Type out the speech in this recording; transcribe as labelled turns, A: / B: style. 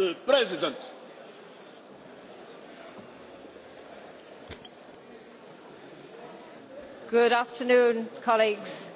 A: the president.
B: Good afternoon,
C: colleagues.